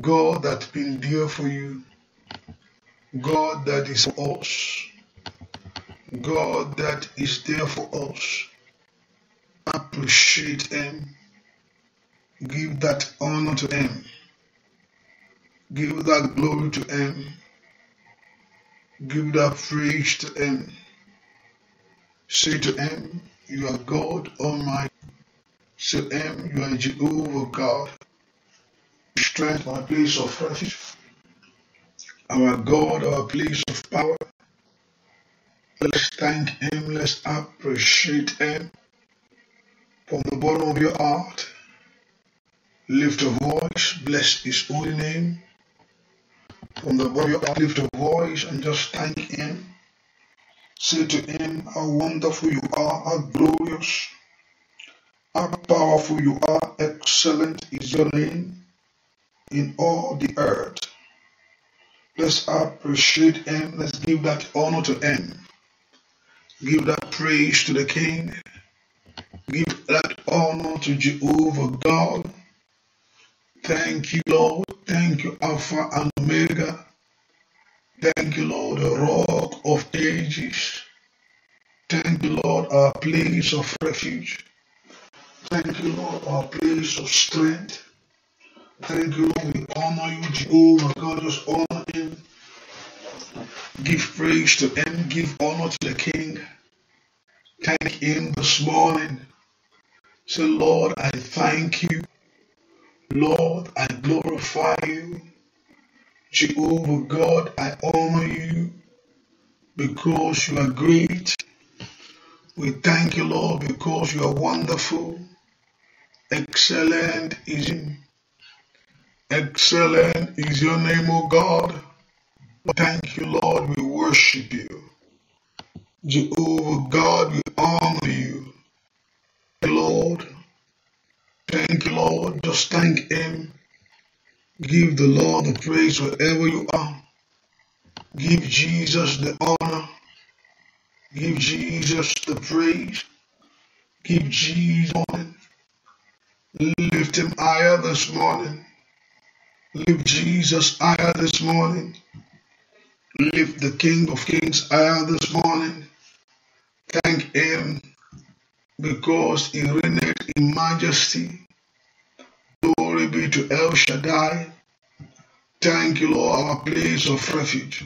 God that been there for you, God that is for us, God that is there for us. Appreciate Him. Give that honor to Him. Give that glory to Him. Give that praise to Him. Say to Him, You are God Almighty. Say to Him, You are Jehovah God strength, our place of refuge, our God, our place of power. Let's thank Him, let's appreciate Him from the bottom of your heart. Lift a voice, bless His holy name. From the bottom of your heart, lift a voice and just thank Him. Say to Him, How wonderful you are, how glorious, how powerful you are, excellent is your name in all the earth. Let's appreciate Him. Let's give that honor to Him. Give that praise to the King. Give that honor to Jehovah God. Thank you, Lord. Thank you, Alpha and Omega. Thank you, Lord, the rock of ages. Thank you, Lord, our place of refuge. Thank you, Lord, our place of strength. Thank you, Lord. We honor you, Jehovah God. Just honor him. Give praise to him. Give honor to the King. Thank him this morning. Say, Lord, I thank you. Lord, I glorify you. Jehovah God, I honor you because you are great. We thank you, Lord, because you are wonderful. Excellent is Him. Excellent is your name, O God. Thank you, Lord. We worship you. Jehovah God, we honor you. Lord. Thank you, Lord. Just thank Him. Give the Lord the praise wherever you are. Give Jesus the honor. Give Jesus the praise. Give Jesus. Lift him higher this morning. Lift Jesus higher this morning. Lift the King of Kings higher this morning. Thank Him because He reigned in majesty. Glory be to El Shaddai. Thank you, Lord, our place of refuge,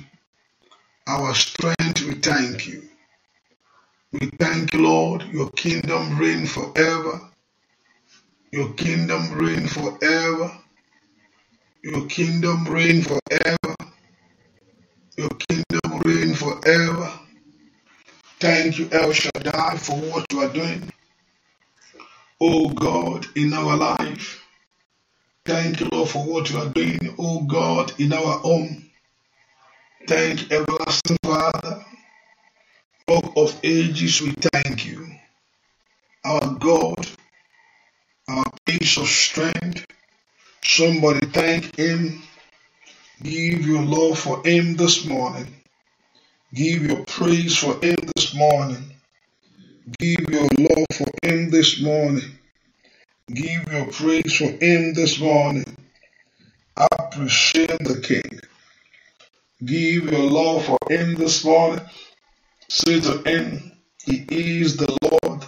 our strength. We thank you. We thank you, Lord, your kingdom reign forever. Your kingdom reign forever. Your kingdom reign forever. Your kingdom reign forever. Thank you, El Shaddai, for what you are doing. Oh God, in our life. Thank you, Lord, for what you are doing, oh God, in our home. Thank you, everlasting Father. Rock of ages, we thank you. Our God, our peace of strength, Somebody thank Him. Give your love for Him this morning. Give your praise for Him this morning. Give your love for Him this morning. Give your praise for Him this morning. Appreciate the King. Give your love for Him this morning. Say to Him, He is the Lord.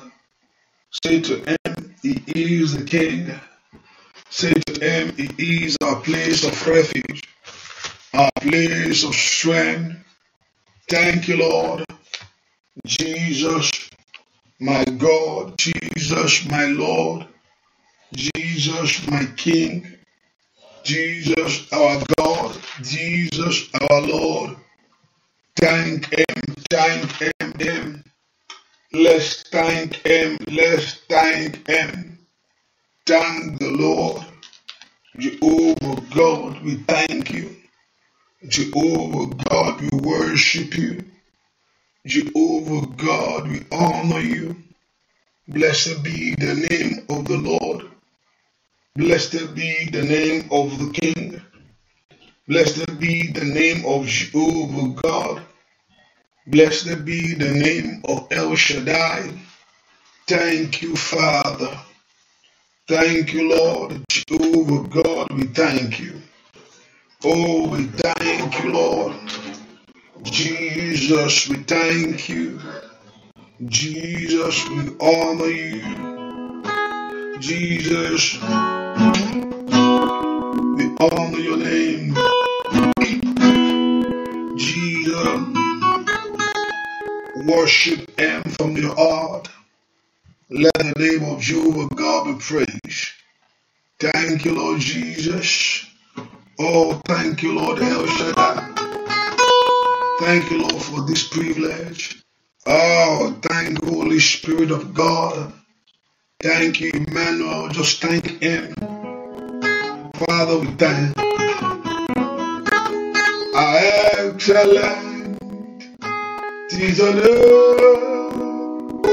Say to Him, He is the King. Say to them, He is our place of refuge, our place of strength. Thank you, Lord. Jesus, my God, Jesus, my Lord, Jesus, my King, Jesus, our God, Jesus, our Lord. Thank Him, thank Him, Him. Let's thank Him, let's thank Him thank the Lord. Jehovah God, we thank you. Jehovah God, we worship you. Jehovah God, we honor you. Blessed be the name of the Lord. Blessed be the name of the King. Blessed be the name of Jehovah God. Blessed be the name of El Shaddai. Thank you, Father. Thank you, Lord. Jehovah God, we thank you. Oh, we thank you, Lord. Jesus, we thank you. Jesus, we honor you. Jesus, we honor your name. Jesus, worship him from your heart. Let the name of Jehovah God be praised. Thank you, Lord Jesus. Oh, thank you, Lord El Shaddai. Thank you, Lord, for this privilege. Oh, thank Holy Spirit of God. Thank you, Emmanuel. Just thank Him. Father, we thank you. Excellent is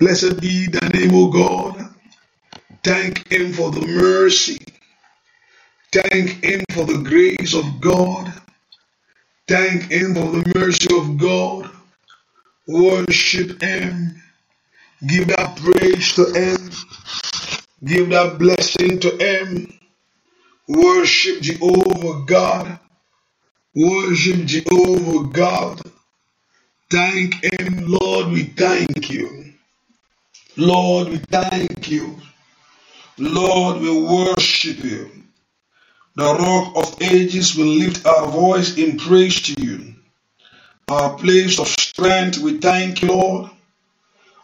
Blessed be the name of God. Thank Him for the mercy. Thank Him for the grace of God. Thank Him for the mercy of God. Worship Him. Give that praise to Him. Give that blessing to Him. Worship Jehovah God. Worship Jehovah God. Thank Him, Lord. We thank you. Lord, we thank you. Lord, we worship you. The rock of ages will lift our voice in praise to you. Our place of strength, we thank you, Lord.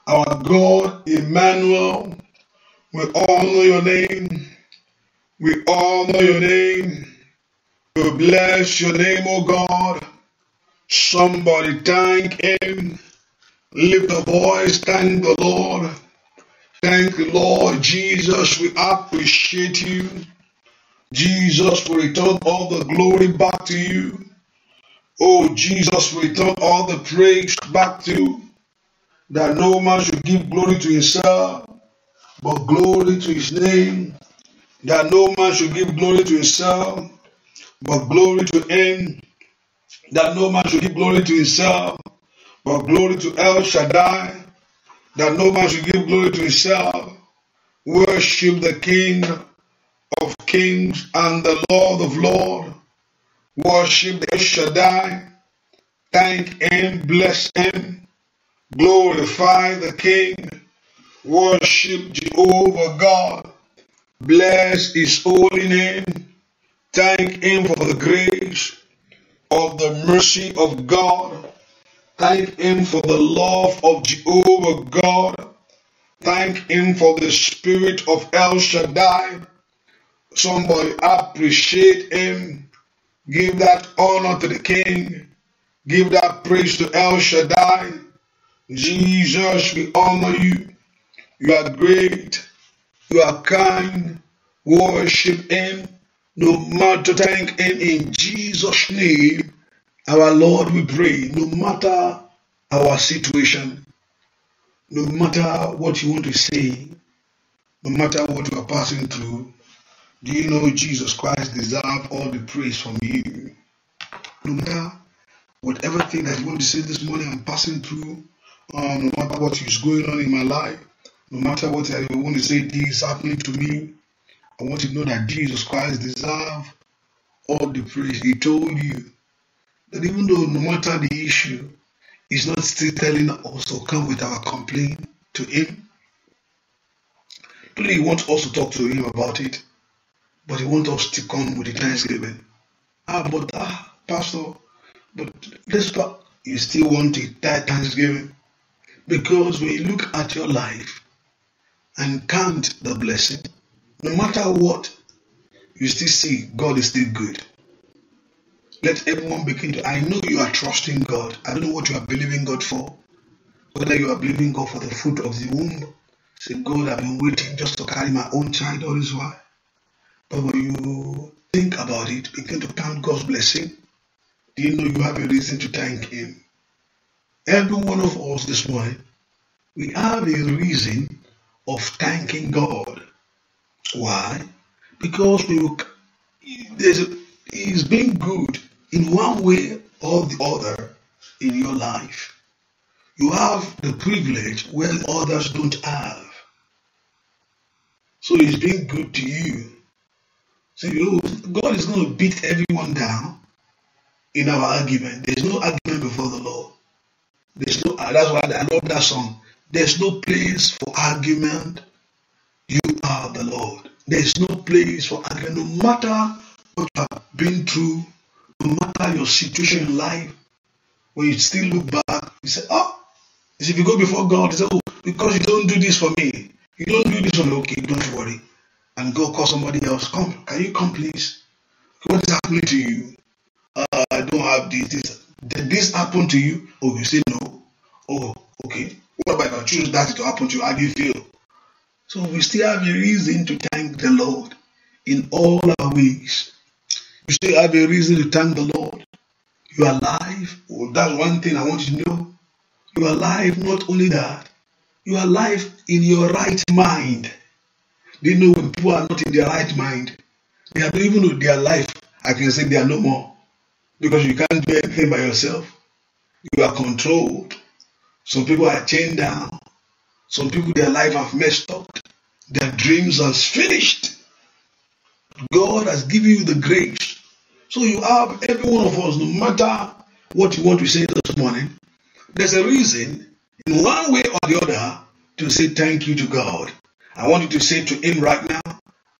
Our God, Emmanuel, we honor your name. We honor your name. We bless your name, O oh God. Somebody thank him. Lift a voice, thank the Lord. Thank the Lord Jesus. We appreciate you. Jesus, we return all the glory back to you. Oh, Jesus, we return all the praise back to you. That no man should give glory to himself, but glory to his name. That no man should give glory to himself, but glory to him. That no man should give glory to himself, but glory to El Shaddai, that no man should give glory to himself. Worship the King of kings and the Lord of lords. Worship El Shaddai. Thank him, bless him. Glorify the King. Worship Jehovah God. Bless his holy name. Thank him for the grace of the mercy of God Thank Him for the love of Jehovah God. Thank Him for the spirit of El Shaddai. Somebody appreciate Him. Give that honor to the King. Give that praise to El Shaddai. Jesus, we honor you. You are great. You are kind. Worship Him. No matter thank Him in Jesus' name. Our Lord, we pray, no matter our situation, no matter what you want to say, no matter what you are passing through, do you know Jesus Christ deserves all the praise from you? No matter whatever thing that you want to say this morning, I'm passing through, um, no matter what is going on in my life, no matter what I want to say, this happening to me, I want you to know that Jesus Christ deserves all the praise. He told you that even though no matter the issue, He's not still telling us to come with our complaint to Him. Today He wants us to talk to Him about it, but He wants us to come with the thanksgiving. Ah, but ah, Pastor, but this part, you still want it, that thanksgiving. Because when you look at your life and count the blessing, no matter what, you still see God is still good. Let everyone begin to. I know you are trusting God. I don't know what you are believing God for. Whether you are believing God for the fruit of the womb. Say, God, I've been waiting just to carry my own child all this while. But when you think about it, begin to count God's blessing. Do you know you have a reason to thank Him? Every one of us this morning, we have a reason of thanking God. Why? Because we will, being good in one way or the other in your life. You have the privilege where others don't have. So he's being good to you. So you know, God is going to beat everyone down in our argument. There's no argument before the Lord. There's no. Uh, that's why I love that song. There's no place for argument. You are the Lord. There's no place for argument. No matter what you have been through, no matter your situation in life, when you still look back, you say, Oh, if you go before God, you say, Oh, because you don't do this for me, you don't do this for me, okay, don't worry. And go call somebody else, Come, can you come, please? What is happening to you? Uh, I don't have this, this. Did this happen to you? Oh, you say no. Oh, okay. What about if I choose that to happen to you? How do you feel? So we still have a reason to thank the Lord in all our ways. You still have a reason to thank the Lord. You are alive. Well, oh, that's one thing I want you to know. You are alive, not only that, you are alive in your right mind. They know when people are not in their right mind, they are even with their life. I can say they are no more because you can't do anything by yourself. You are controlled. Some people are chained down. Some people, their life have messed up. Their dreams are finished. God has given you the grace. So you have every one of us, no matter what you want to say this morning, there's a reason, in one way or the other, to say thank you to God. I want you to say to Him right now,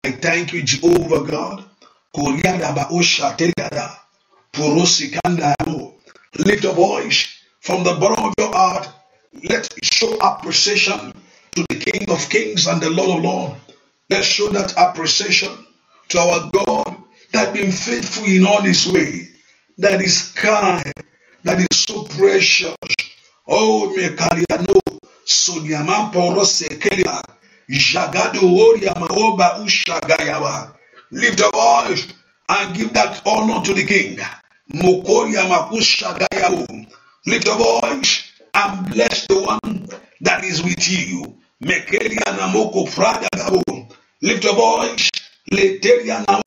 I thank you, Jehovah God. Lift a voice from the bottom of your heart. let show appreciation to the King of Kings and the Lord of Lords. Let's show that appreciation to our God that been faithful in all his way, that is kind, that is so precious. Oh, me no sodiama poro sekelia jagado oriama oba ushagayawa. Lift the voice and give that honor to the King. Mokoriama ushagayawo. Lift the voice and bless the one that is with you. Mekelia namoko fragagabo. Lift your voice and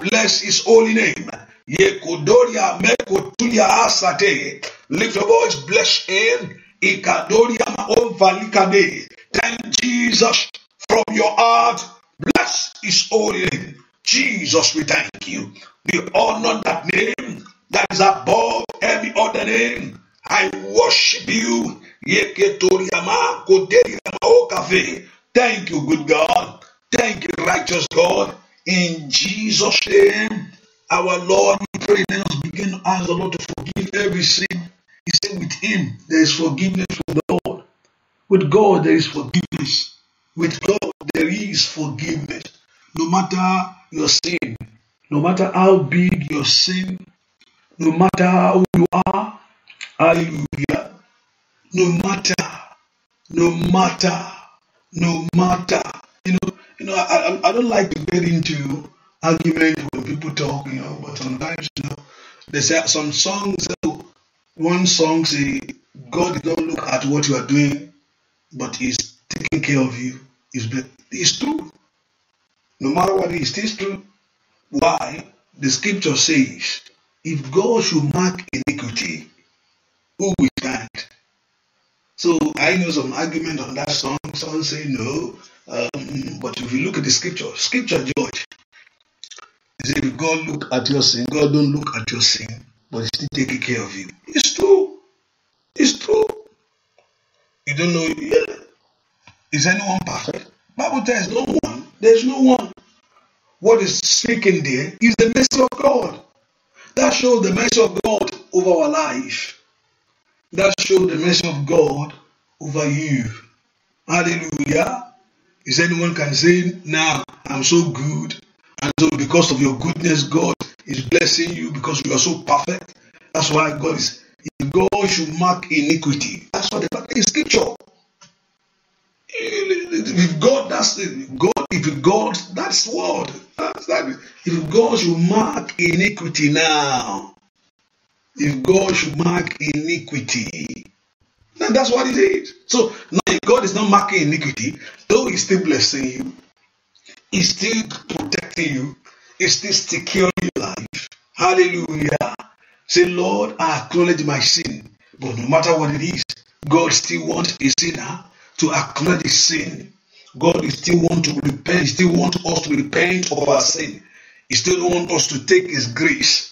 bless his holy name. Yekodoria mekotulia asate. Lift your voice, bless him. Ikadoria maonvalikade. Thank Jesus from your heart. Bless his holy name. Jesus, we thank you. We honor that name that is above every other name. I worship you. Yeketoriama koderiama okafe. Thank you, good God. Thank you, righteous God. In Jesus' name, our Lord, we pray. Let us begin to ask the Lord to forgive every sin. He said, with Him, there is forgiveness with the Lord. With God, there is forgiveness. With God, there is forgiveness. No matter your sin, no matter how big your sin, no matter who you are, hallelujah. No matter, no matter, no matter, You know, you know, I, I don't like to get into argument when people talk, you know, but sometimes, you know, there's some songs, one song say, God do not look at what you are doing, but He's taking care of you. It's, it's true. No matter what it is, it's true. Why? The scripture says, if God should mark iniquity, who will so I know some argument on that song. Some say no, um, but if you look at the scripture, scripture judge. He said, if God look at your sin, God don't look at your sin, but He's still taking care of you. It's true. It's true. You don't know. Yeah. Is anyone perfect? Bible tells no one. There's no one. What is speaking there is the mercy of God. That shows the mercy of God over our life that show the mercy of God over you. Hallelujah. Is anyone can say, now I'm so good, and so because of your goodness, God is blessing you because you are so perfect. That's why God is if God should mark iniquity. That's what the Bible in scripture. If God that's God, if God that's what that's that if God should mark iniquity now, if God should mark iniquity. And that's what he did. So now if God is not marking iniquity, though he's still blessing you, he's still protecting you, he's still securing your life. Hallelujah. Say, Lord, I acknowledge my sin. But no matter what it is, God still wants a sinner to acknowledge his sin. God still wants to repent, he still wants us to repent of our sin. He still wants us to take his grace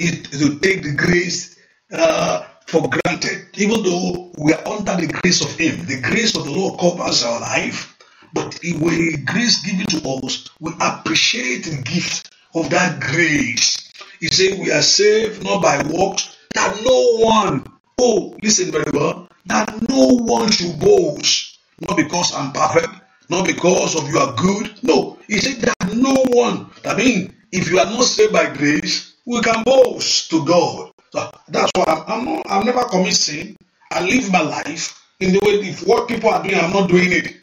is to take the grace uh, for granted, even though we are under the grace of Him. The grace of the Lord covers our life, but when grace given to us, we appreciate the gift of that grace. He said, We are saved not by works, that no one, oh, listen very well, that no one should boast, not because I'm perfect, not because of you are good. No, he said that no one, That mean, if you are not saved by grace, we can boast to God. So ah, that's why I'm, I'm not, I've never commit sin. I live my life in the way if what people are doing, I'm not doing it.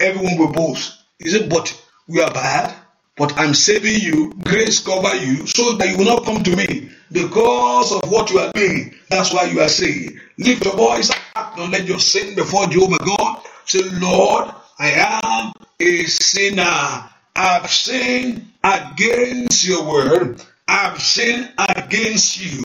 Everyone will boast. Is it? But we are bad. But I'm saving you. Grace cover you so that you will not come to me because of what you are doing. That's why you are saying, lift your voice up. Don't let your sin before Jehovah God. Say, Lord, I am a sinner. I've sinned against your word. I've sinned against you.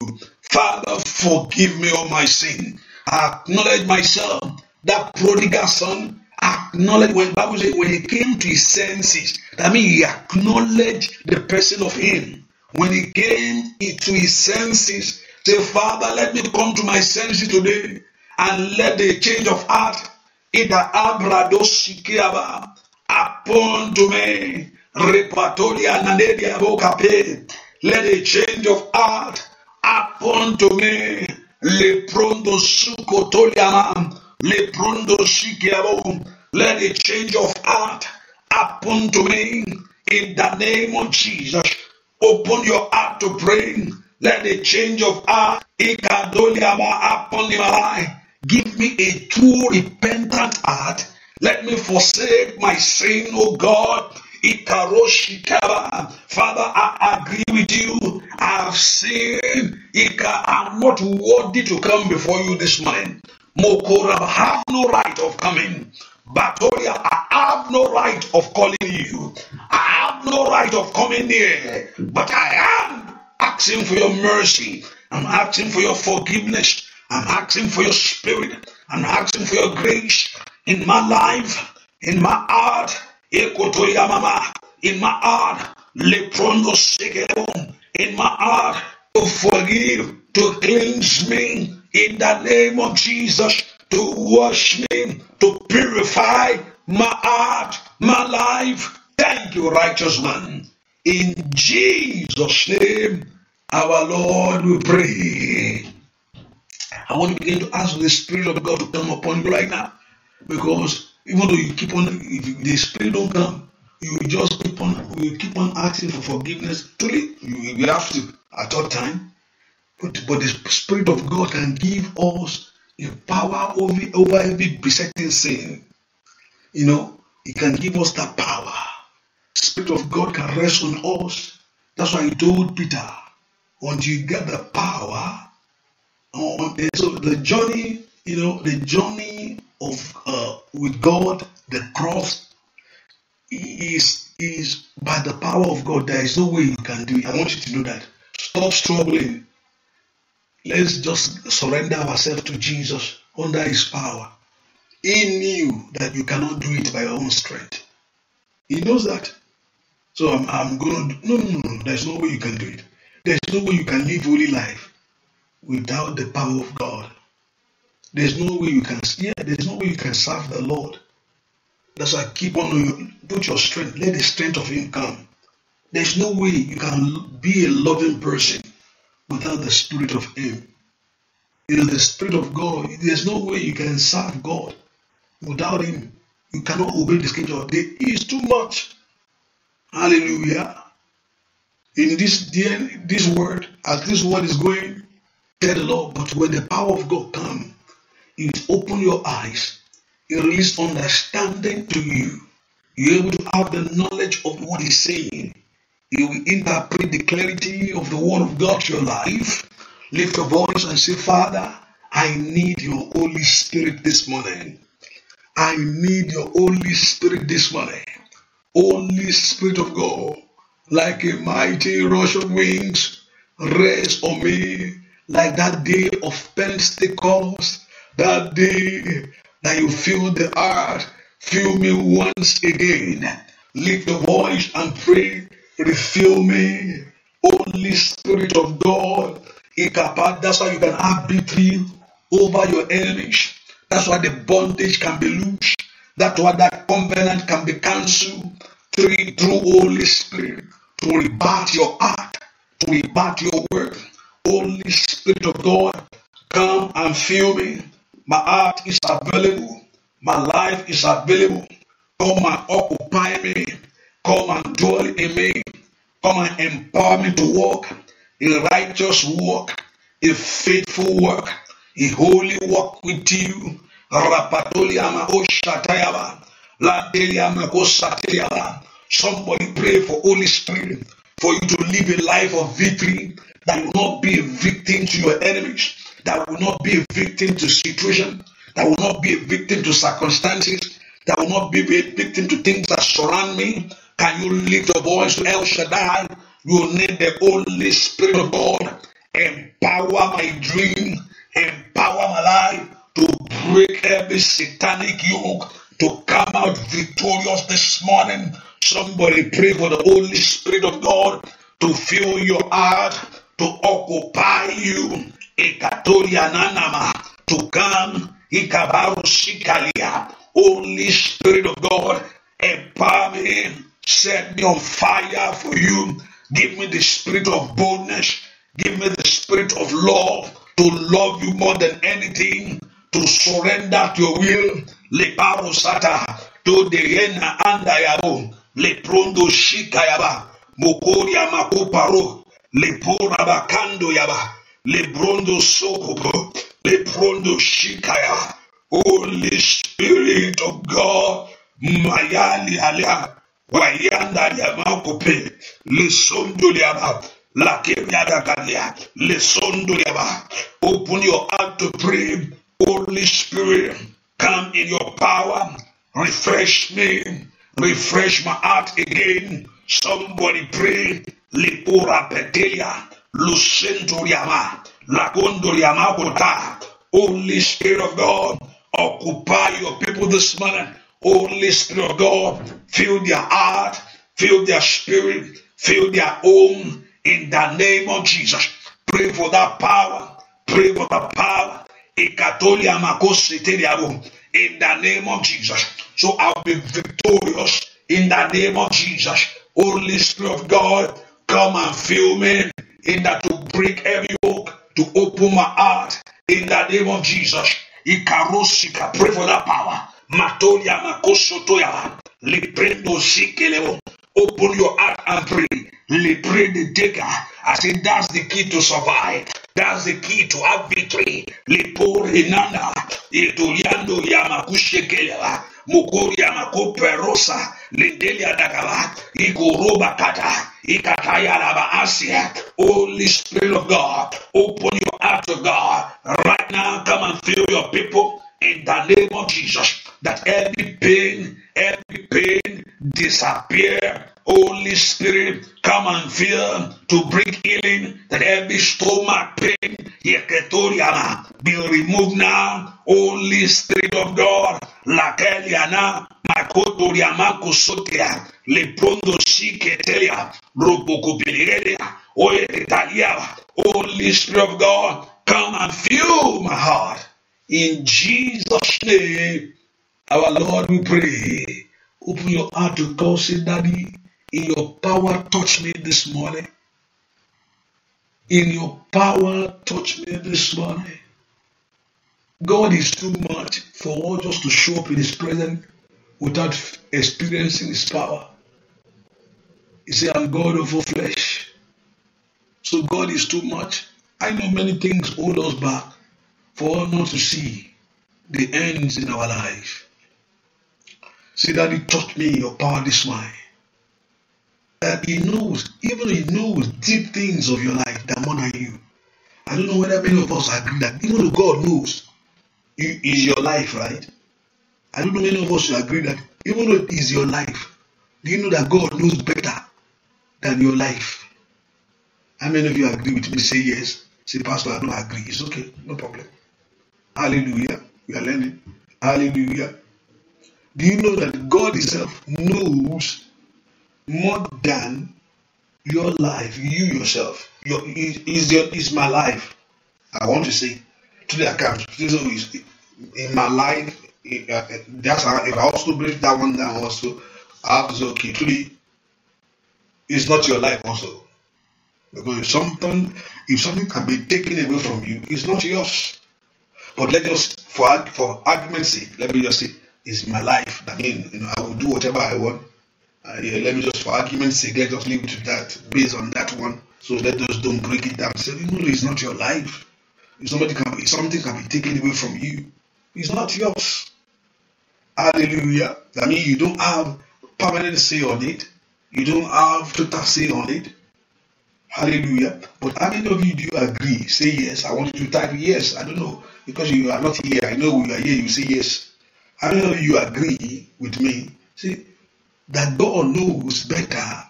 Father, forgive me all my sin. I acknowledge myself. That prodigal son acknowledge when Bible says when he came to his senses, that means he acknowledged the person of him. When he came to his senses, say, Father, let me come to my senses today and let the change of heart in the abradosikaba upon to me repertoria nanedia bokape Let a change of heart happen to me. toliama. sukotoliama. Leprondo shikiabo. Let a change of heart happen to me. In the name of Jesus. Open your heart to pray. Let a change of heart ikadoliama happen in my life. Give me a true repentant heart. Let me forsake my sin, O God. Father, I agree with you. I have sinned. Ika, I'm not worthy to come before you this morning. Mokora, I have no right of coming. Batoria, I have no right of calling you. I have no right of coming near. But I am asking for your mercy. I'm asking for your forgiveness. I'm asking for your spirit. I'm asking for your grace in my life, in my heart, Ekotoya mama. In my heart, leprondo segelum. In my heart, to forgive, to cleanse me. In the name of Jesus, to wash me, to purify my heart, my life. Thank you, righteous man. In Jesus' name, our Lord, we pray. I want to begin to ask the Spirit of God to come upon you right now because Even though you keep on, if the spirit don't come, you just keep on, you keep on asking for forgiveness. Truly, you will have to at all time. But, but the spirit of God can give us the power over, over every besetting sin. You know, it can give us that power. Spirit of God can rest on us. That's why he told Peter, once you get the power, uh, so the journey, you know, the journey of uh, with God, the cross is is by the power of God. There is no way you can do it. I want you to know that. Stop struggling. Let's just surrender ourselves to Jesus under His power. He knew that you cannot do it by your own strength. He knows that. So I'm, I'm going to. No, no, no. There's no way you can do it. There's no way you can live holy life without the power of God. There's no way you can yeah, there's no way you can serve the Lord. That's why keep on put your strength, let the strength of him come. There's no way you can be a loving person without the spirit of him. You know, the spirit of God, there's no way you can serve God without him. You cannot obey the scripture. There is too much. Hallelujah. In this this word, as this word is going, tell the Lord, but when the power of God comes, it open your eyes, it release understanding to you. You're able to have the knowledge of what He's saying. You will interpret the clarity of the Word of God to your life. Lift your voice and say, Father, I need your Holy Spirit this morning. I need your Holy Spirit this morning. Holy Spirit of God, like a mighty rush of wings, rest on me like that day of Pentecost that day that you fill the earth, fill me once again. Lift the voice and pray, refill me. Holy Spirit of God, that's why you can have victory over your enemies. That's why the bondage can be loosed. That's why that covenant can be cancelled through, through Holy Spirit to rebut your heart, to rebut your word. Holy Spirit of God, come and fill me. My heart is available. My life is available. Come and occupy me. Come and dwell in me. Come and empower me to walk a righteous walk, a faithful work, a holy walk with you. Rapatoliama Somebody pray for Holy Spirit for you to live a life of victory that will not be a victim to your enemies. that will not be a victim to situation, that will not be a victim to circumstances, that will not be a victim to things that surround me. Can you lift your voice to El Shaddai? You need the Holy Spirit of God. Empower my dream, empower my life to break every satanic yoke, to come out victorious this morning. Somebody pray for the Holy Spirit of God to fill your heart, to occupy you Ekatoriananama to come Ikabaru Shikalia. Holy Spirit of God, empower me, set me on fire for you. Give me the spirit of boldness. Give me the spirit of love to love you more than anything, to surrender to your will. Lebaro sata to the yena andayabo leprondo shikayaba mokoria makuparo lepora bakando yaba Lebrondo Sokobo, Lebrondo Shikaya. Holy Spirit of God, Mayali Alia, Wayanda Yamakope, Lisondo Yama, Lakemiada Kalia, Lisondo Yama. Open your heart to pray. Holy Spirit, come in your power, refresh me, refresh my heart again. Somebody pray, Lipura Petelia. Lushenturiama, Lagonduriama Kota. Holy Spirit of God, occupy your people this morning. Holy Spirit of God, fill their heart, fill their spirit, fill their home in the name of Jesus. Pray for that power. Pray for that power. In the name of Jesus. So I'll be victorious in the name of Jesus. Holy Spirit of God, come and fill me in that to break every yoke, to open my heart in the name of Jesus. Ikarosika, pray for that power. Matolia makosotoya, liprendo sikelebo. Open your heart and pray. Le pray the deka. I say that's the key to survive. That's the key to have victory. Le pore nana. Etoyando yamakushekelewa. Mukori yamakoperosa. Lindelia dagala. Igoroba kata. Ikataya laba asia. Holy Spirit of God. Open your heart to God. Right now, come and fill your people in the name of Jesus. That every pain, every pain, disappear. Holy Spirit, come and fill to bring healing that every stomach pain be removed now. Holy Spirit of God, Lakeliana, Makotoriamako Sotea, Lepondo Siketelia, Robokopeleria, Oetitalia. Holy Spirit of God, come and fill my heart. In Jesus' name, our Lord, we pray. Open your heart to God. Say, Daddy, in your power, touch me this morning. In your power, touch me this morning. God is too much for all just to show up in His presence without experiencing His power. He said, I'm God of all flesh. So God is too much. I know many things hold us back for all not to see the ends in our life. See that He taught me your power this morning. That um, He knows, even He knows deep things of your life that more you. I don't know whether many of us agree that even though God knows is your life, right? I don't know many of us agree that even though it is your life, do you know that God knows better than your life? How many of you agree with me? Say yes. Say, Pastor, I don't agree. It's okay. No problem. Hallelujah. We are learning. Hallelujah. Do you know that God Himself knows more than your life, you yourself? Your is your is my life. I want to say to the account. is in my life, eh, eh, eh, that's how, if I also break that one down also, I have okay, truly, it's not your life also. Because if something, if something can be taken away from you, it's not yours. But let us, for, for argument's sake, let me just say, is my life. I mean, you know, I will do whatever I want. Uh, yeah, let me just, for argument's sake, let just leave it to that, based on that one. So let us don't break it down. Even though it's not your life. If somebody can, be something can be taken away from you, it's not yours. Hallelujah. I mean, you don't have permanent say on it. You don't have total say on it. Hallelujah. But how many of you do you agree? Say yes. I want you to type yes. I don't know. Because you are not here. I know you are here. You say yes. I don't know you agree with me. See, that God knows better.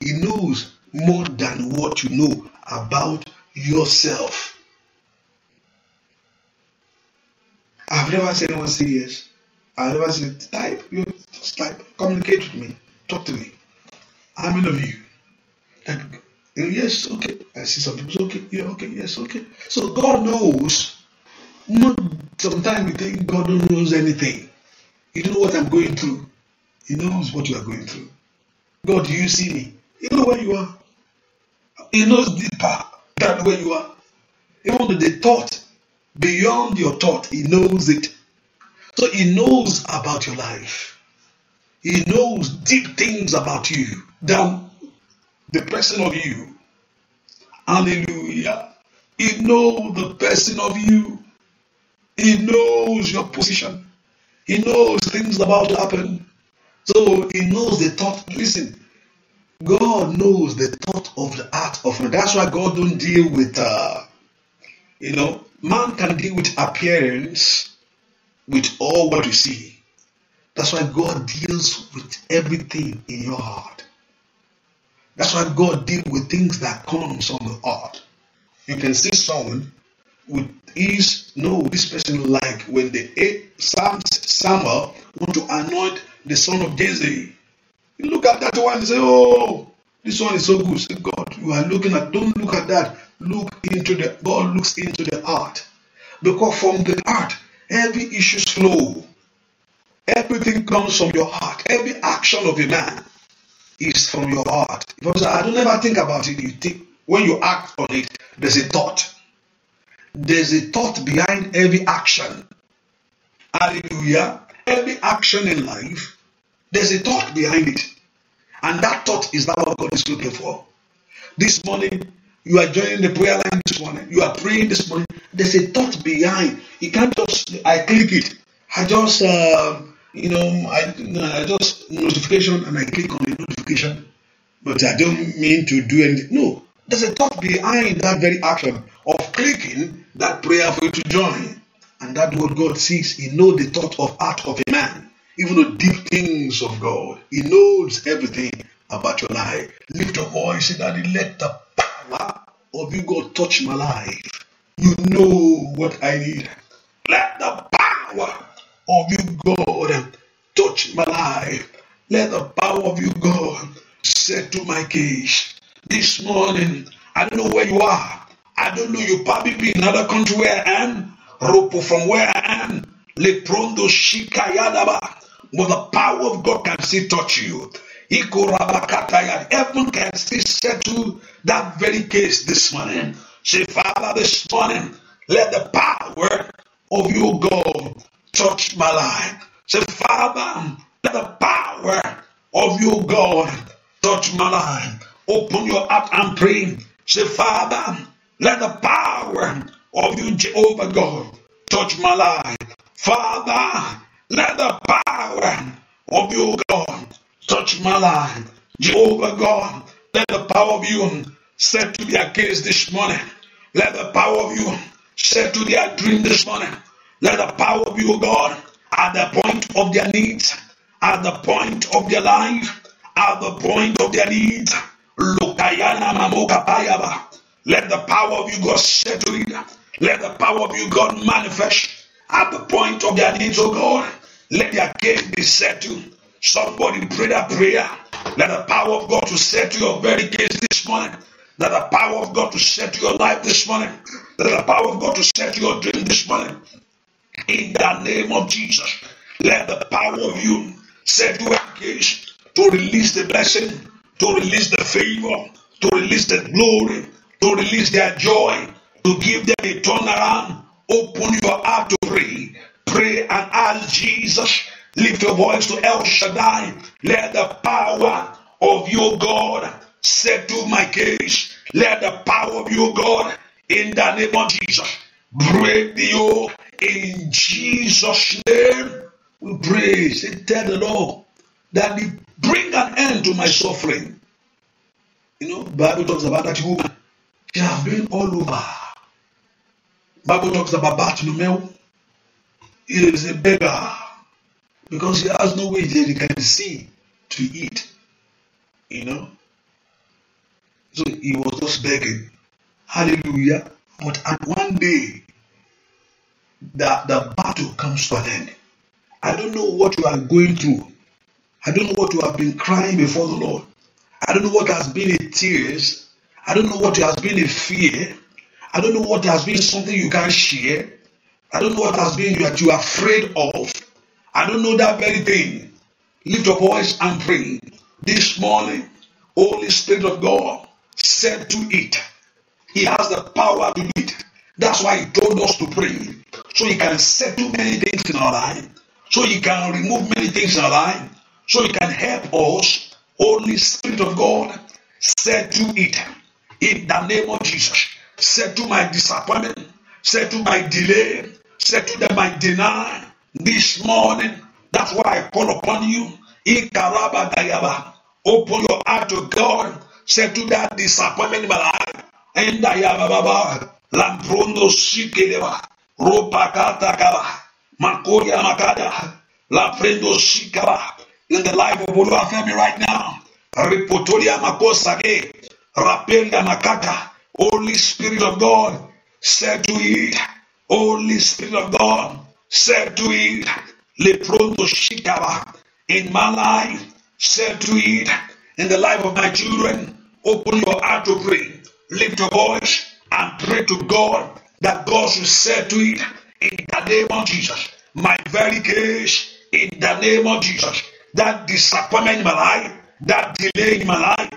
He knows more than what you know about yourself. I've never seen anyone say yes. I've never seen type, you just type, communicate with me, talk to me. How many of you? Like, yes, okay. I see some people, okay, yeah, okay, yes, okay. So God knows Not sometimes you think God knows anything. You don't know what I'm going through. He knows what you are going through. God, you see me. He knows where you are. He knows deeper than where you are. Even the thought beyond your thought, He knows it. So He knows about your life. He knows deep things about you than the person of you. Hallelujah. He knows the person of you. He knows your position. He knows things about to happen. So he knows the thought. Listen, God knows the thought of the heart of man. That's why God don't deal with, uh, you know, man can deal with appearance, with all what you see. That's why God deals with everything in your heart. That's why God deals with things that comes from the heart. You can see someone with ease know this person like when the eight Psalms Samuel want to anoint the son of Jesse. You look at that one and say, Oh, this one is so good. Say, God, you are looking at, don't look at that. Look into the, God looks into the heart. Because from the heart, every issue flow. Everything comes from your heart. Every action of a man is from your heart. Because I don't ever think about it. You think when you act on it, there's a thought. There's a thought behind every action. Hallelujah. Every action in life, there's a thought behind it. And that thought is that what God is looking for. This morning, you are joining the prayer line this morning. You are praying this morning. There's a thought behind. You can't just, I click it. I just, uh, you know, I, I just notification and I click on the notification. But I don't mean to do anything. No, There's a thought behind that very action of clicking that prayer for you to join. And that what God sees, He knows the thought of heart of a man, even the deep things of God. He knows everything about your life. Lift your voice and Daddy, let the power of you God touch my life. You know what I need. Let the power of you God touch my life. Let the power of you God set to my case. This morning, I don't know where you are. I don't know. You probably be in another country where I am. Ropo from where I am. Leprondo shikayadaba. But the power of God can still touch you. Heaven can still settle that very case this morning. Say, Father, this morning, let the power of you, God, touch my life. Say, Father, let the power of you, God, touch my life. Open your heart and pray. Say, Father, let the power of you, Jehovah God, touch my life. Father, let the power of you, God, touch my life. Jehovah God, let the power of you set to their case this morning. Let the power of you set to their dream this morning. Let the power of you, God, at the point of their needs, at the point of their life, at the point of their needs let the power of you God settle it. Let the power of you God manifest at the point of their needs, oh God. Let their case be settled. Somebody pray that prayer. Let the power of God to settle your very case this morning. Let the power of God to settle your life this morning. Let the power of God to settle your dream this morning. In the name of Jesus, let the power of you settle your case to release the blessing to release the favor, to release the glory, to release their joy, to give them a turnaround. Open your heart to pray. Pray and ask Jesus. Lift your voice to El Shaddai. Let the power of your God settle my case. Let the power of your God in the name of Jesus break the yoke in Jesus' name. We praise and tell the Lord that the Bring an end to my suffering. You know, Bible talks about that woman. She has been all over. Bible talks about Bartholomew. He is a beggar because he has no way that he can see to eat. You know? So he was just begging. Hallelujah. But at one day, the, the battle comes to an end. I don't know what you are going through. I don't know what you have been crying before the Lord. I don't know what has been in tears. I don't know what has been in fear. I don't know what has been something you can't share. I don't know what has been that you are afraid of. I don't know that very thing. Lift your voice and pray. This morning, Holy Spirit of God said to it, He has the power to do it. That's why He told us to pray. So He can settle many things in our life. So He can remove many things in our life. so you can help us. Holy Spirit of God, said to it in the name of Jesus. Said to my disappointment, said to my delay, said to the, my denial this morning. That's why I call upon you. Open your heart to God. Said to that disappointment in my life. And I Baba. Lambrono Shikeleva. Ropa Katakaba. Makoya Makada. Laprendo Shikaba in the life of Oluwafemi right now. makosa makosage, rapelia makata. Holy Spirit of God, said to it. Holy Spirit of God, said to it. Leprondo shikaba in my life, said to it. In the life of my children, open your heart to pray. Lift your voice and pray to God that God should say to it in the name of Jesus. My very case, in the name of Jesus that disappointment in my life, that delay in my life,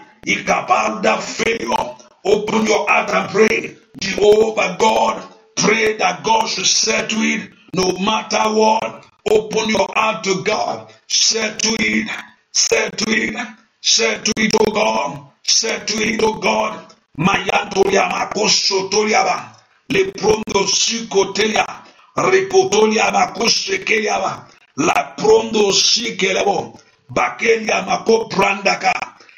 that failure. Open your heart and pray. Jehovah God, pray that God should settle it no matter what. Open your heart to God. Settle it. Settle it. Settle it, O God. Settle it, O God. Mayantoria makosotoriaba. Leprondo sikotelia. Repotolia makosekeliaba la prondo shikelebo bakenya mako prandaka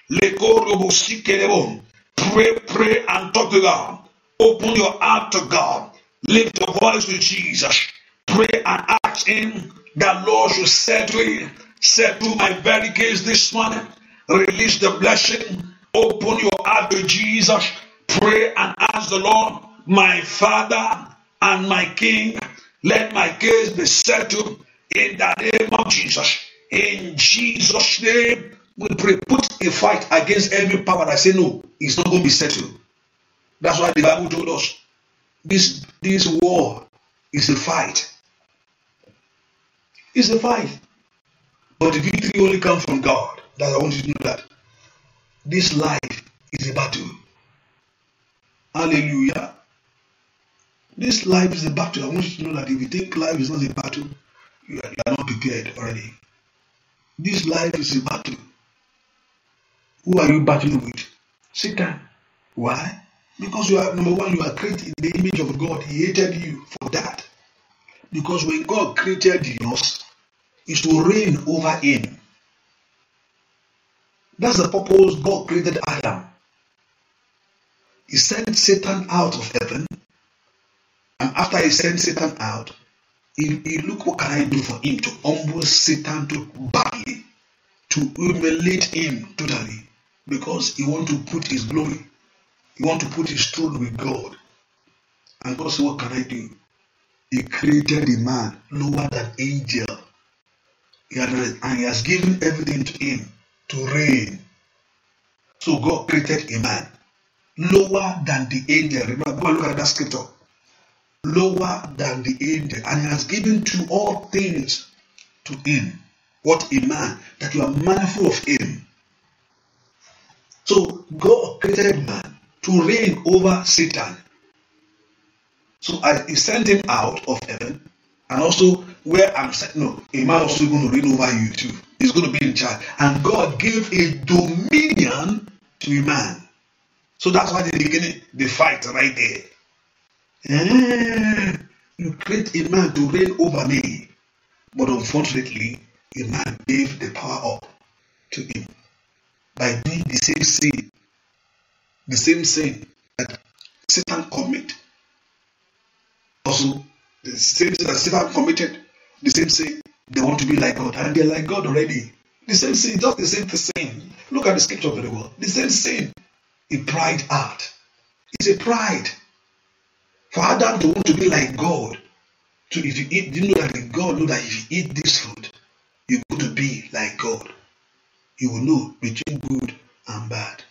lekoro bushikelebo pray pray and talk to God open your heart to God lift your voice to Jesus pray and ask him that Lord should settle it settle my very case this morning release the blessing open your heart to Jesus pray and ask the Lord my father and my king let my case be settled in the name of Jesus. In Jesus' name, we pray, put a fight against every power that say no, it's not going to be settled. That's why the Bible told us this this war is a fight. It's a fight. But the victory only comes from God. That I want you to know that. This life is a battle. Hallelujah. This life is a battle. I want you to know that if you think life is not a battle, You are, you are not prepared already. This life is a battle. Who are you battling with? Satan. Why? Because you are number one, you are created in the image of God. He hated you for that. Because when God created us, is to reign over him. That's the purpose God created Adam. He sent Satan out of heaven, and after he sent Satan out, He, look what can I do for him to humble Satan to badly, to humiliate him totally, because he want to put his glory, he want to put his throne with God. And God say what can I do? He created a man lower than angel. He had, and he has given everything to him to reign. So God created a man lower than the angel. Remember, go and look at that scripture. lower than the angel, and He has given to all things to him. What a man, that you are mindful of him. So God created man to reign over Satan. So I he sent him out of heaven, and also where I'm sent, no, a man also going to reign over you too. He's going to be in charge. And God gave a dominion to a man. So that's why the beginning, the fight right there. Eh, you create a man to reign over me. But unfortunately, a man gave the power up to him by doing the same sin, the same sin that Satan committed. Also, the same sin that Satan committed, the same sin they want to be like God, and they're like God already. The same sin, just the same sin. Look at the scripture very well. The same sin a pride art. It's a pride. For Adam to want to be like God, to if you eat, not know that God knew that if you eat this food, you're going to be like God. You will know between good and bad.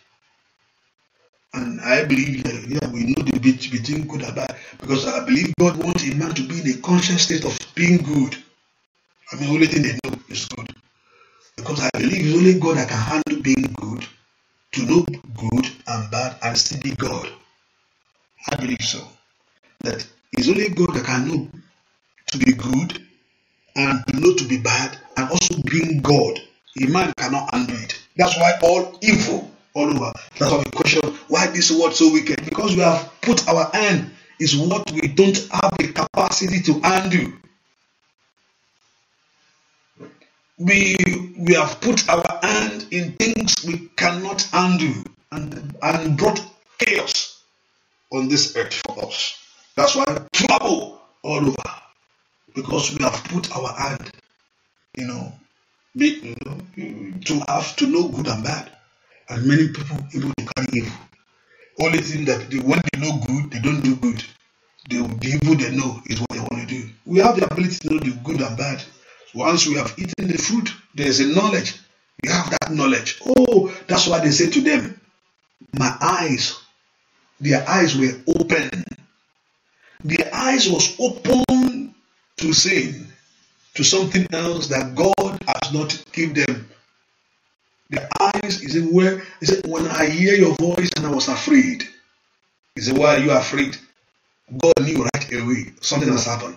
And I believe that yeah, we know the bit between good and bad because I believe God wants a man to be in a conscious state of being good. I mean, only thing they know is good. Because I believe it's only God that can handle being good, to know good and bad, and still be God. I believe so that it's only God that can know to be good and know to be bad and also being God. A man cannot undo it. That's why all evil all over. That's why we question why this world so wicked because we have put our hand is what we don't have the capacity to undo. We we have put our hand in things we cannot undo and and brought chaos on this earth for us. That's why trouble all over because we have put our hand, you know, be, you know, to have to know good and bad, and many people able to carry evil. Only thing that they, when they know good, they don't do good. They, the evil they know is what they want to do. We have the ability to know the good and bad. Once we have eaten the fruit, there is a knowledge. We have that knowledge. Oh, that's why they say to them, my eyes, their eyes were opened eyes was open to sin, to something else that God has not given them. The eyes is it where he said, When I hear your voice and I was afraid. He said, Why are you afraid? God knew right away something has happened.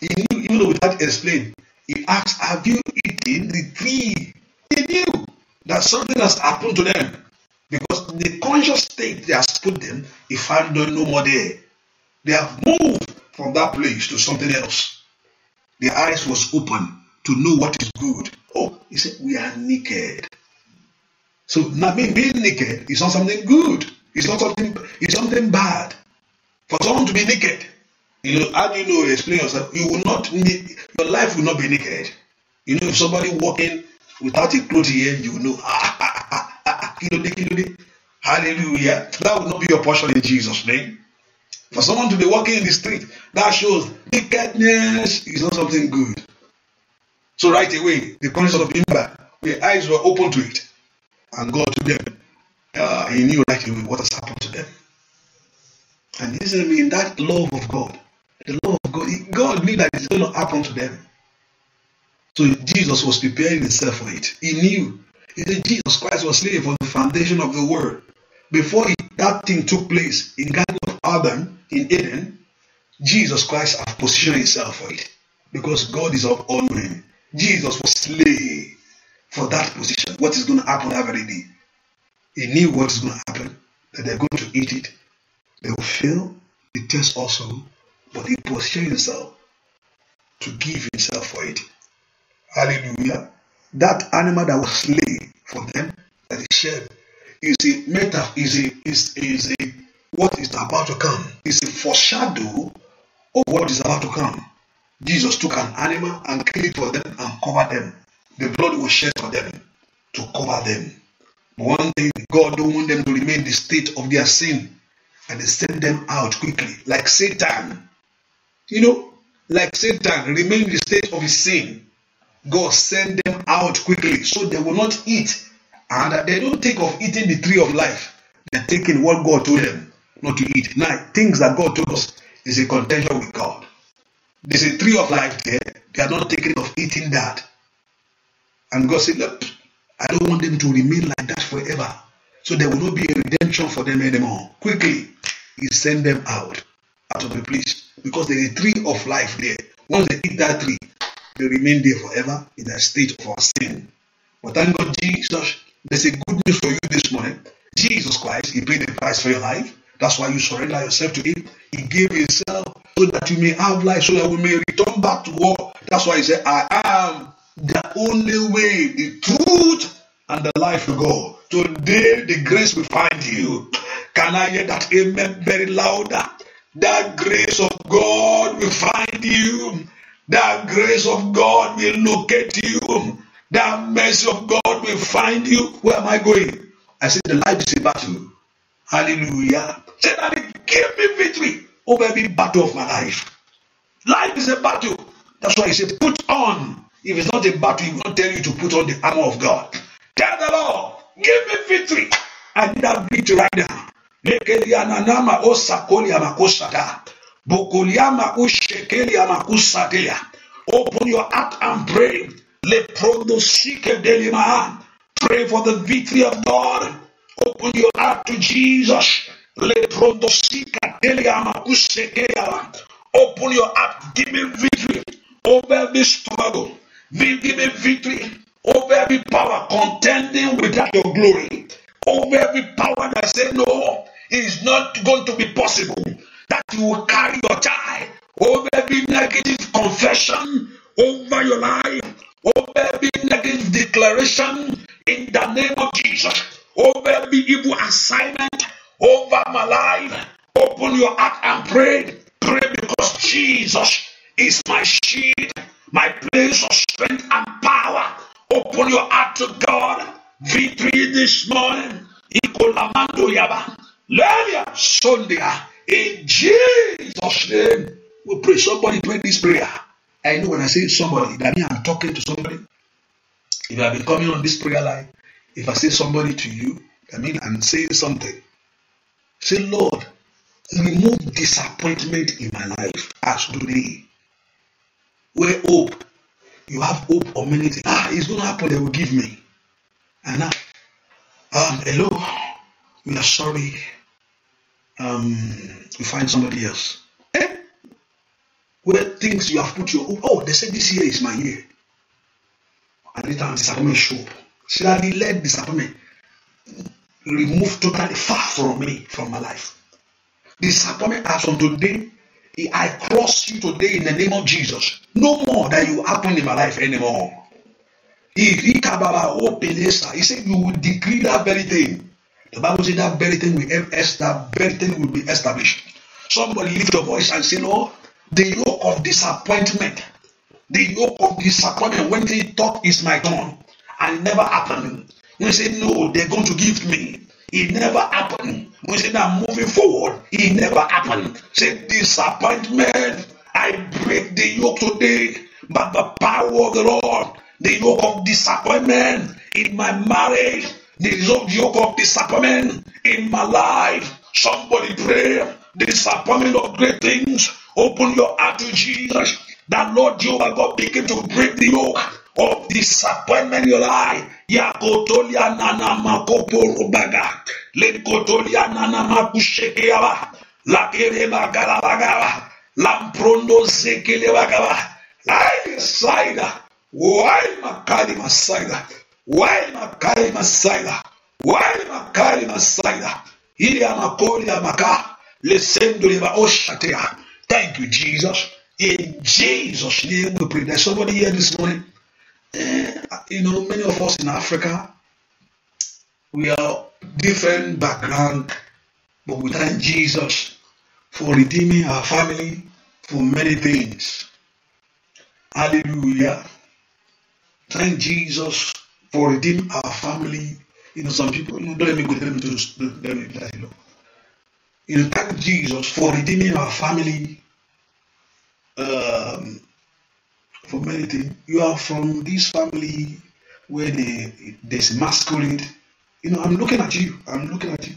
He knew, even though without explaining, he asked, Have you eaten the tree? He knew that something has happened to them because the conscious state that has put them, if I don't know more there, they have from that place to something else. Their eyes was open to know what is good. Oh, he said, we are naked. So not being naked is not something good. It's not something. It's something bad. For someone to be naked, you know, how do you know? Explain yourself. You will not. Your life will not be naked. You know, if somebody walking without a clothes here, you know, ah, ah, ah, ah, ah, you ah, know, Hallelujah. That will not be your portion in Jesus' name. For someone to be walking in the street, that shows wickedness is not something good. So right away, the conscience of Imba, their eyes were open to it. And God to them, uh, He knew right away what has happened to them. And this is mean that love of God. The love of God, God knew that it's going to happen to them. So Jesus was preparing himself for it. He knew. He said Jesus Christ was slain on the foundation of the world. Before that thing took place in Galilee. Adam in Eden, Jesus Christ has positioned himself for it because God is of all knowing. Jesus was slain for that position. What is going to happen every day? He knew what is going to happen, that they're going to eat it. They will fail, the test also, but he positioned himself to give himself for it. Hallelujah. That animal that was slain for them, that is shed, is a metaphor, is a, is, is a what is about to come. It's a foreshadow of what is about to come. Jesus took an animal and killed it for them and covered them. The blood was shed for them to cover them. But one thing God don't want them to remain in the state of their sin and they send them out quickly, like Satan. You know, like Satan, remain in the state of his sin. God send them out quickly so they will not eat and they don't think of eating the tree of life. They're taking what God told them not to eat. Nine, things that God told us is a contention with God. There's a tree of life there. They are not taking of eating that. And God said, Look, I don't want them to remain like that forever. So there will not be a redemption for them anymore. Quickly, He sent them out, out of the place. Because there is a tree of life there. Once they eat that tree, they remain there forever in a state of our sin. But thank God, Jesus, there's a good news for you this morning. Jesus Christ, He paid the price for your life. That's why you surrender yourself to Him. He gave Himself so that you may have life, so that we may return back to God. That's why He said, I am the only way, the truth, and the life to God. Today, the grace will find you. Can I hear that amen very louder? That grace of God will find you. That grace of God will locate you. That mercy of God will find you. Where am I going? I said, the life is a battle. Hallelujah. Say, Daddy, give me victory over every battle of my life. Life is a battle. That's why he said, put on. If it's not a battle, he will not tell you to put on the armor of God. Tell the Lord, give me victory. I need that victory right now. Open your heart and pray. Pray for the victory of God. Open your heart to Jesus. Open your heart. Give me victory over every struggle. Give me victory over every power contending without your glory. Over every power that said no, it is not going to be possible that you will carry your child. Over every negative confession over your life. Over every negative declaration in the name of Jesus over every evil assignment over my life. Open your heart and pray. Pray because Jesus is my shield, my place of strength and power. Open your heart to God. Victory this morning. Ikolamando yaba. Lelia Sundia. In Jesus' name. We pray. Somebody pray this prayer. I know when I say somebody, that means I'm talking to somebody. If you have been coming on this prayer line, If I say somebody to you, I mean, I'm saying something. Say, Lord, remove disappointment in my life as today. Where hope, you have hope on many things. Ah, it's going to happen, they will give me. And now, um, hello, we are sorry. Um, you find somebody else. Eh? Where things you have put your hope, oh, they said this year is my year. And later, disappointment show up. Shall be let disappointment remove totally far from me, from my life. Disappointment as on today, I cross you today in the name of Jesus. No more that you happen in my life anymore. He said you will decree that very thing. The Bible said that very thing will that very thing will be established. Somebody lift your voice and say, Lord, the yoke of disappointment, the yoke of disappointment when they talk is my tongue. and never happened. We say, No, they're going to give me. It never happened. We say, Now moving forward, it never happened. Say, Disappointment, I break the yoke today by the power of the Lord. The yoke of disappointment in my marriage, the yoke of disappointment in my life. Somebody pray. Disappointment of great things. Open your heart to Jesus. That Lord Jehovah God begin to break the yoke of oh, disappointment in your life. Yakotolia nana makoporobaga. Lekotolia nana makushekeaba. Lakere bagala bagala. Lamprondo zekele bagala. Ay, saida. Why makali masaida? Why makali masaida? Why makali masaida? Ili amakoli amaka. Lesendo leba oshatea. Thank you, Jesus. In Jesus' name we pray. There's somebody here this morning. You know, many of us in Africa, we are different background, but we thank Jesus for redeeming our family for many things. Hallelujah. Thank Jesus for redeeming our family. You know, some people, you know, don't let me go them to let me you know. You know, thank Jesus for redeeming our family. Um, for many things. You are from this family where they, there's masquerade. You know, I'm looking at you. I'm looking at you.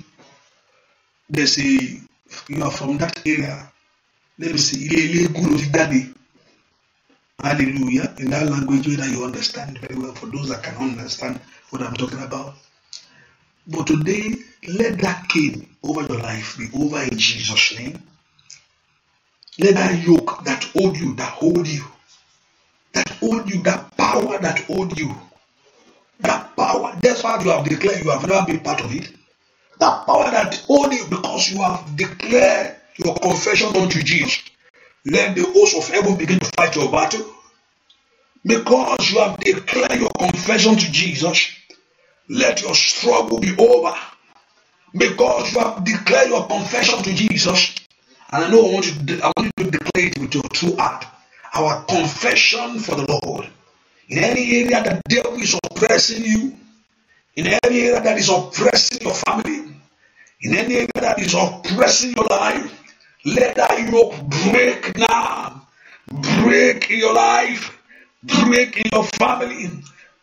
They say you are from that area. Let me see. Hallelujah. In that language that you understand very well, for those that can understand what I'm talking about. But today, let that king over your life be over in Jesus' name. Let that yoke that hold you, that hold you, that hold you, that power that hold you, that power, that's why you have declared you have never been part of it. That power that hold you because you have declared your confession unto Jesus. Let the host of heaven begin to fight your battle. Because you have declared your confession to Jesus, let your struggle be over. Because you have declared your confession to Jesus, and I know I want you to, I want you to declare it with your true heart. our confession for the Lord. In any area that the devil is oppressing you, in any area that is oppressing your family, in any area that is oppressing your life, let that yoke break now. Break in your life, break in your family,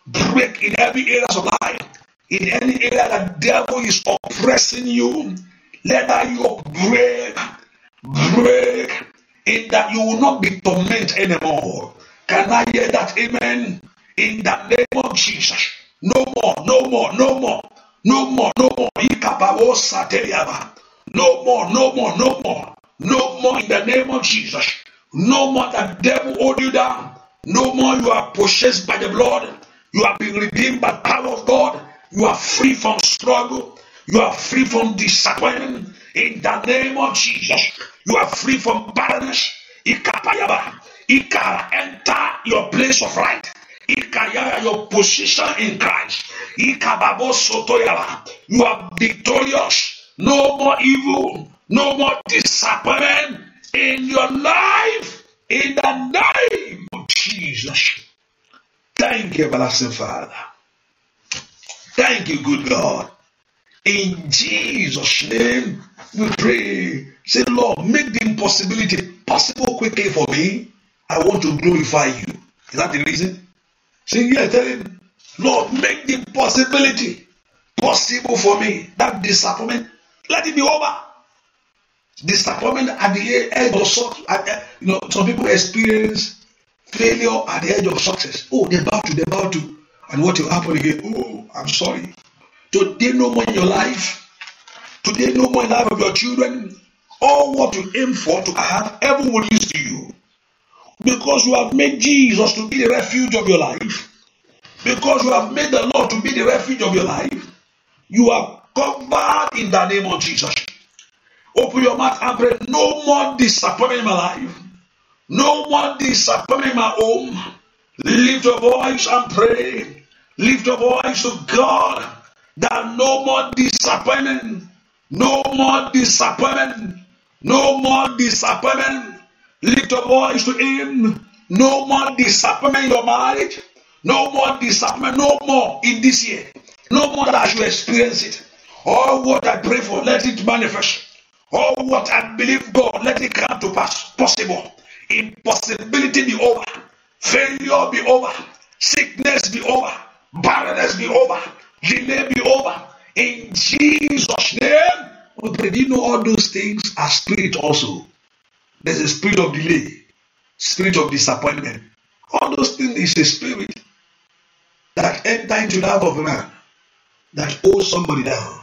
break in every area of life. In any area that the devil is oppressing you, let that yoke break, break, in that you will not be tormented anymore. Can I hear that? Amen. In the name of Jesus. No more, no more, no more, no more, no more. No more, no more, no more, no more in the name of Jesus. No more that devil hold you down. No more you are possessed by the blood. You have been redeemed by the power of God. You are free from struggle. You are free from disappointment. In the name of Jesus, you are free from barrenness. Ikapayaba. Ika, enter your place of right. Ikayaya, your position in Christ. Ikababo sotoyaba. You are victorious. No more evil. No more disappointment in your life. In the name of Jesus. Thank you, blessed Father. Thank you, good God. In Jesus' name, We pray, say, Lord, make the impossibility possible quickly for me. I want to glorify you. Is that the reason? Say, yeah, tell him, Lord, make the impossibility possible for me. That disappointment, let it be over. Disappointment at the edge of success. You know, some people experience failure at the edge of success. Oh, they're about to, they're about to. And what will happen again? Oh, I'm sorry. So they know more in your life Today, no more in life of your children. All what you aim for to have, heaven will to you. Because you have made Jesus to be the refuge of your life. Because you have made the Lord to be the refuge of your life. You are covered in the name of Jesus. Open your mouth and pray. No more disappointment in my life. No more disappointment in my home. Lift your voice and pray. Lift your voice to God. That no more disappointment No more disappointment. No more disappointment. Little your voice to Him. No more disappointment in your marriage. No more disappointment. No more in this year. No more that you experience it. All what I pray for, let it manifest. All what I believe God, let it come to pass. Possible. Impossibility be over. Failure be over. Sickness be over. Barrenness be over. Delay be over. In Jesus' name. Okay, do you know all those things are spirit also? There's a spirit of delay, spirit of disappointment. All those things is a spirit that enter into the heart of man that holds somebody down.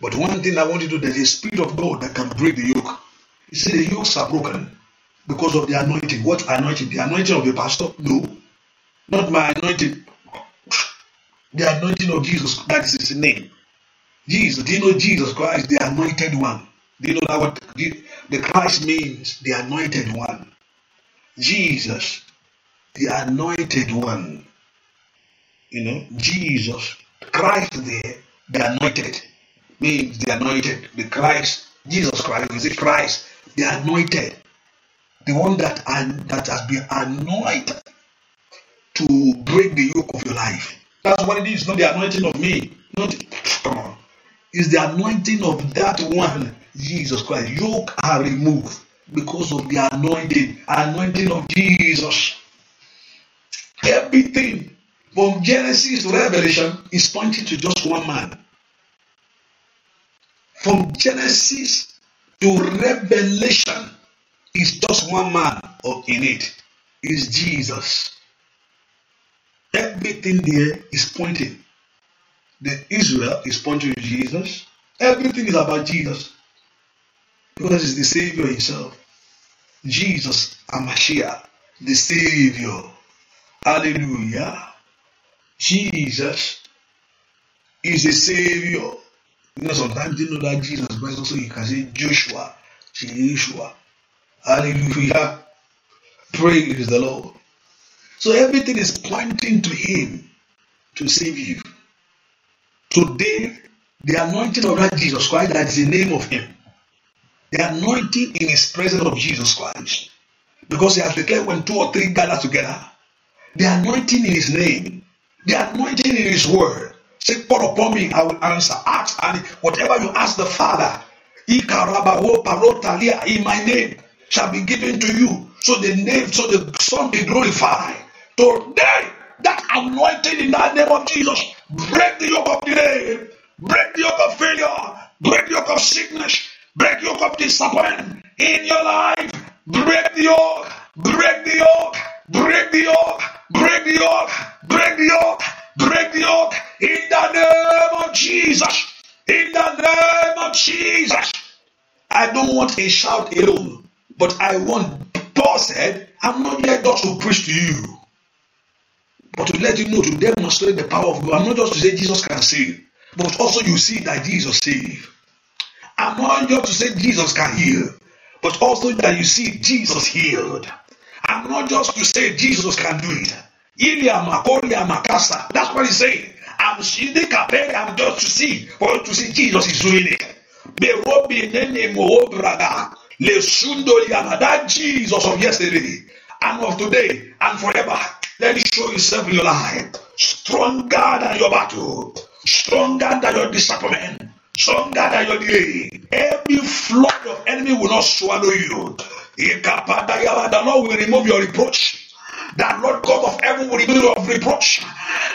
But one thing I want you to do, there's a spirit of God that can break the yoke. You see, the yokes are broken because of the anointing. What anointing? The anointing of the pastor? No. Not my anointing. The anointing of Jesus. That is his name. Jesus, do you know Jesus Christ, the anointed one? Do you know that what the Christ means? The anointed one. Jesus, the anointed one. You know, Jesus, Christ there, the anointed means the anointed, the Christ, Jesus Christ, is it Christ, the anointed, the one that, an, that has been anointed to break the yoke of your life. That's what it is, not the anointing of me. Not, come on. is the anointing of that one, Jesus Christ. Yoke are removed because of the anointing, anointing of Jesus. Everything from Genesis to Revelation is pointing to just one man. From Genesis to Revelation is just one man or in it is Jesus. Everything there is pointing the Israel is pointing to Jesus. Everything is about Jesus. Because he's the Savior himself. Jesus Amashiach, the Savior. Hallelujah. Jesus is the Savior. You know, sometimes you know that Jesus, but also you can say Joshua, Joshua. Hallelujah. Praise the Lord. So everything is pointing to Him to save you. Today, the anointing of that Jesus Christ, that is the name of Him. The anointing in His presence of Jesus Christ. Because He has declared when two or three gather together, the anointing in His name, the anointing in His word. Say, call upon me, I will answer. Ask, and whatever you ask the Father, in my name shall be given to you. So the name, so the Son be glorified. Today, that anointing in the name of Jesus Break the yoke of delay. Break the yoke of failure. Break the yoke of sickness. Break the yoke of disappointment in your life. Break the yoke. Break the yoke. Break the yoke. Break the yoke. Break the yoke. Break the yoke. In the name of Jesus. In the name of Jesus. I don't want a shout alone, but I want. Paul said, I'm not yet got to preach to you. but to let you know to demonstrate the power of God. I'm not just to say Jesus can save, but also you see that Jesus saved. I'm not just to say Jesus can heal, but also that you see Jesus healed. I'm not just to say Jesus can do it. That's what he's saying. I'm seeing compared, I'm just to see, for to see Jesus is doing it. That Jesus of yesterday and of today and forever. Let it show itself in your life. Stronger than your battle, stronger than your disappointment, stronger than your delay. Every flood of enemy will not swallow you. The Lord will remove your reproach. That Lord God of heaven will remove your reproach.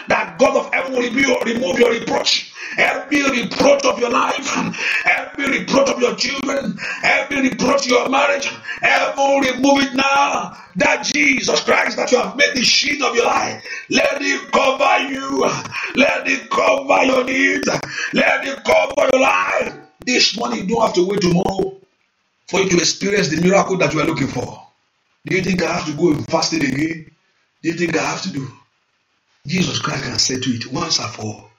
That God of heaven will remove your, remove your reproach. Every reproach of your life, every reproach of your children, every reproach of your marriage, heaven remove it now. That Jesus Christ that you have made the sheet of your life, let it cover you. Let it cover your needs. Let it cover your life. This morning, you don't have to wait tomorrow for you to experience the miracle that you are looking for. Do you think I have to go and fast it again? Do you think I have to do? Jesus Christ can settle it once and for all.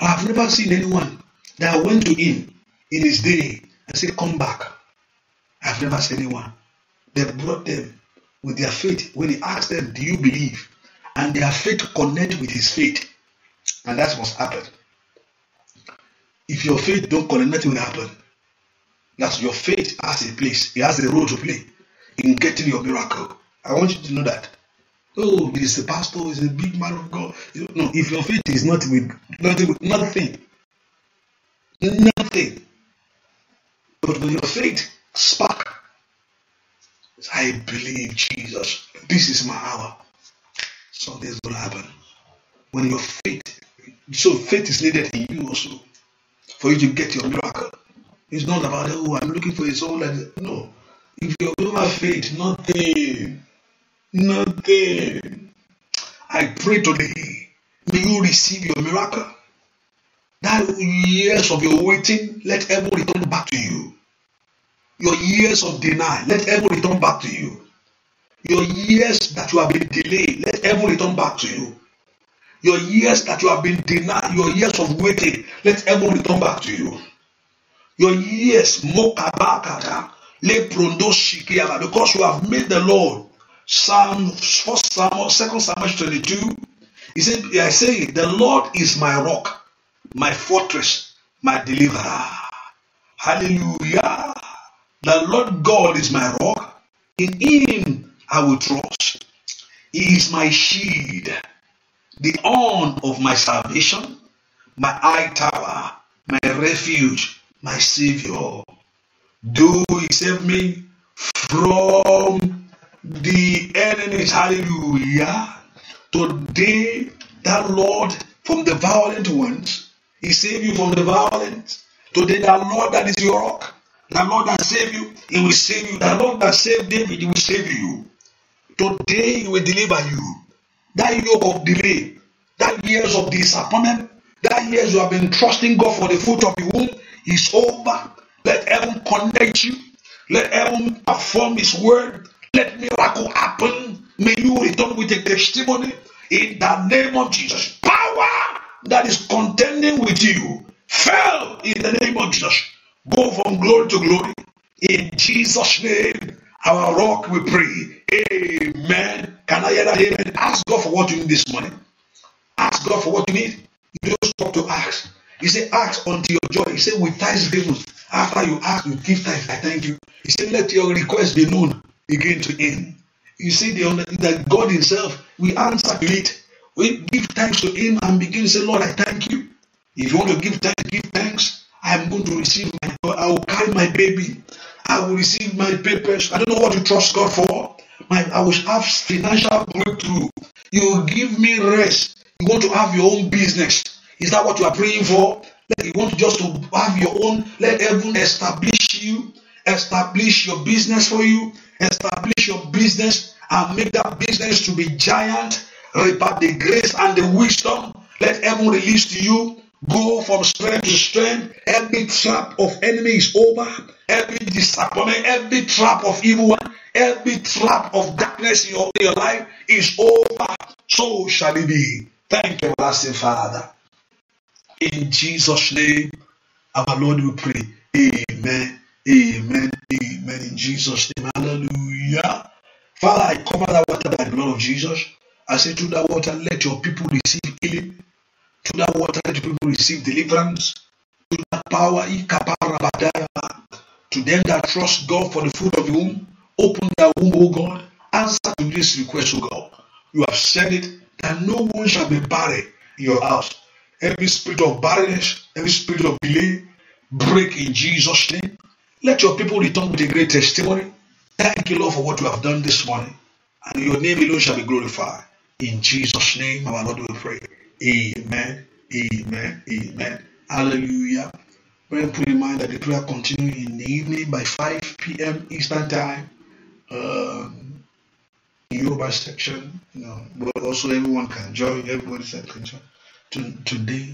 I have never seen anyone that went to him in his day and said, Come back. I have never seen anyone. They brought them with their faith when he asked them, Do you believe? And their faith connect with his faith. And that's what's happened. If your faith don't connect, nothing will happen. That's your faith has a place, it has a role to play. in getting your miracle. I want you to know that. Oh, he's a pastor, he's a big man of God. No, if your faith is not with nothing, nothing, nothing. But when your faith, spark. I believe Jesus. This is my hour. Something's gonna happen. When your faith, so faith is needed in you also for you to get your miracle. It's not about oh, I'm looking for a soul no. If your global faith, nothing, nothing. I pray today, may you receive your miracle. That years of your waiting, let heaven return back to you. Your years of denial, let heaven return back to you. Your years that you have been delayed, let heaven return back to you. Your years that you have been denied, your years of waiting, let heaven return back to you. Your years, mokabakata, Because you have made the Lord. Psalm 1 Samuel, Samuel 22. He said, I say, the Lord is my rock, my fortress, my deliverer. Hallelujah. The Lord God is my rock. In him I will trust. He is my shield, the horn of my salvation, my high tower, my refuge, my savior. Do he saved me from the enemies. Hallelujah. Today, that Lord from the violent ones, he save you from the violent. Today, that Lord that is your rock, that Lord that save you, he will save you. That Lord that saved David, he will save you. Today, he will deliver you. That yoke of delay, that years of disappointment, that years you have been trusting God for the fruit of your womb is over. Let heaven connect you. Let heaven perform His word. Let miracle happen. May you return with a testimony in the name of Jesus. Power that is contending with you fell in the name of Jesus. Go from glory to glory. In Jesus' name, our rock, we pray. Amen. Can I hear that? Amen. Ask God for what you need this morning. Ask God for what you need. You don't stop to ask. He said, Ask unto your joy. He said, With thanksgiving. After you ask, you give thanks. I thank you. He said, Let your request be known again to him. You see, the, that God Himself will answer to it. We give thanks to Him and begin to say, Lord, I thank you. If you want to give thanks, give thanks. I am going to receive my joy. I will carry my baby. I will receive my papers. I don't know what to trust God for. My, I will have financial breakthrough. You will give me rest. You want to have your own business. Is that what you are praying for? Like you want just to have your own, let heaven establish you, establish your business for you, establish your business and make that business to be giant. Repart the grace and the wisdom. Let heaven release to you. Go from strength to strength. Every trap of enemy is over. Every disappointment, every trap of evil one, every trap of darkness in your, in your life is over. So shall it be. Thank you, everlasting Father. In Jesus' name, our Lord, we pray. Amen. Amen. Amen. In Jesus' name. Hallelujah. Father, I cover that water by the blood of Jesus. I say, through that water, let your people receive healing. Through that water, let your people receive deliverance. Through that power, to them that trust God for the food of the womb, open their womb, O God. Answer to this request, O God. You have said it that no one shall be buried in your house. Every spirit of barrenness, every spirit of delay, break in Jesus' name. Let your people return with a great testimony. Thank you, Lord, for what you have done this morning. And your name alone shall be glorified. In Jesus' name, our Lord, we pray. Amen. Amen. Amen. Hallelujah. and put in mind that the prayer continues in the evening by 5 p.m. Eastern Time. Um, Yoruba section, you know, but also everyone can join, everybody can join to today.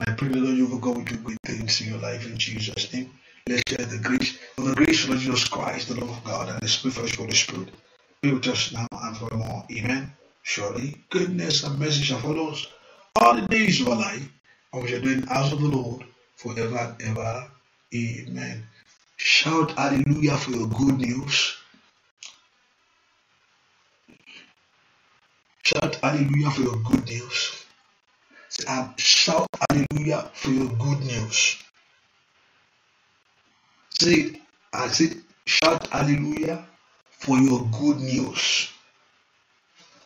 I pray that you will go and do great things in your life in Jesus' name. Let's share the grace of the grace of Jesus Christ, the love of God, and the spirit of Holy Spirit. Be with us now and forevermore. Amen. Surely goodness and mercy shall follow us all the days of our life, and we shall do in the house of the Lord forever and ever. Amen. Shout hallelujah for your good news. Shout hallelujah for your good news. Um, shout hallelujah for your good news. Say, I say, shout hallelujah for your good news.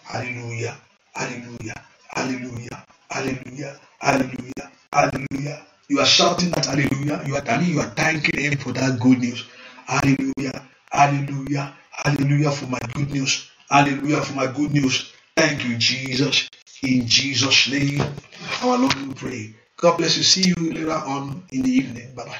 Hallelujah, hallelujah, hallelujah, hallelujah, hallelujah, hallelujah. You are shouting that hallelujah. You are telling, you are thanking him for that good news. Hallelujah, hallelujah, hallelujah for my good news. Hallelujah for my good news. Thank you, Jesus. in Jesus' name. Our Lord, we pray. God bless you. See you later on in the evening. Bye bye.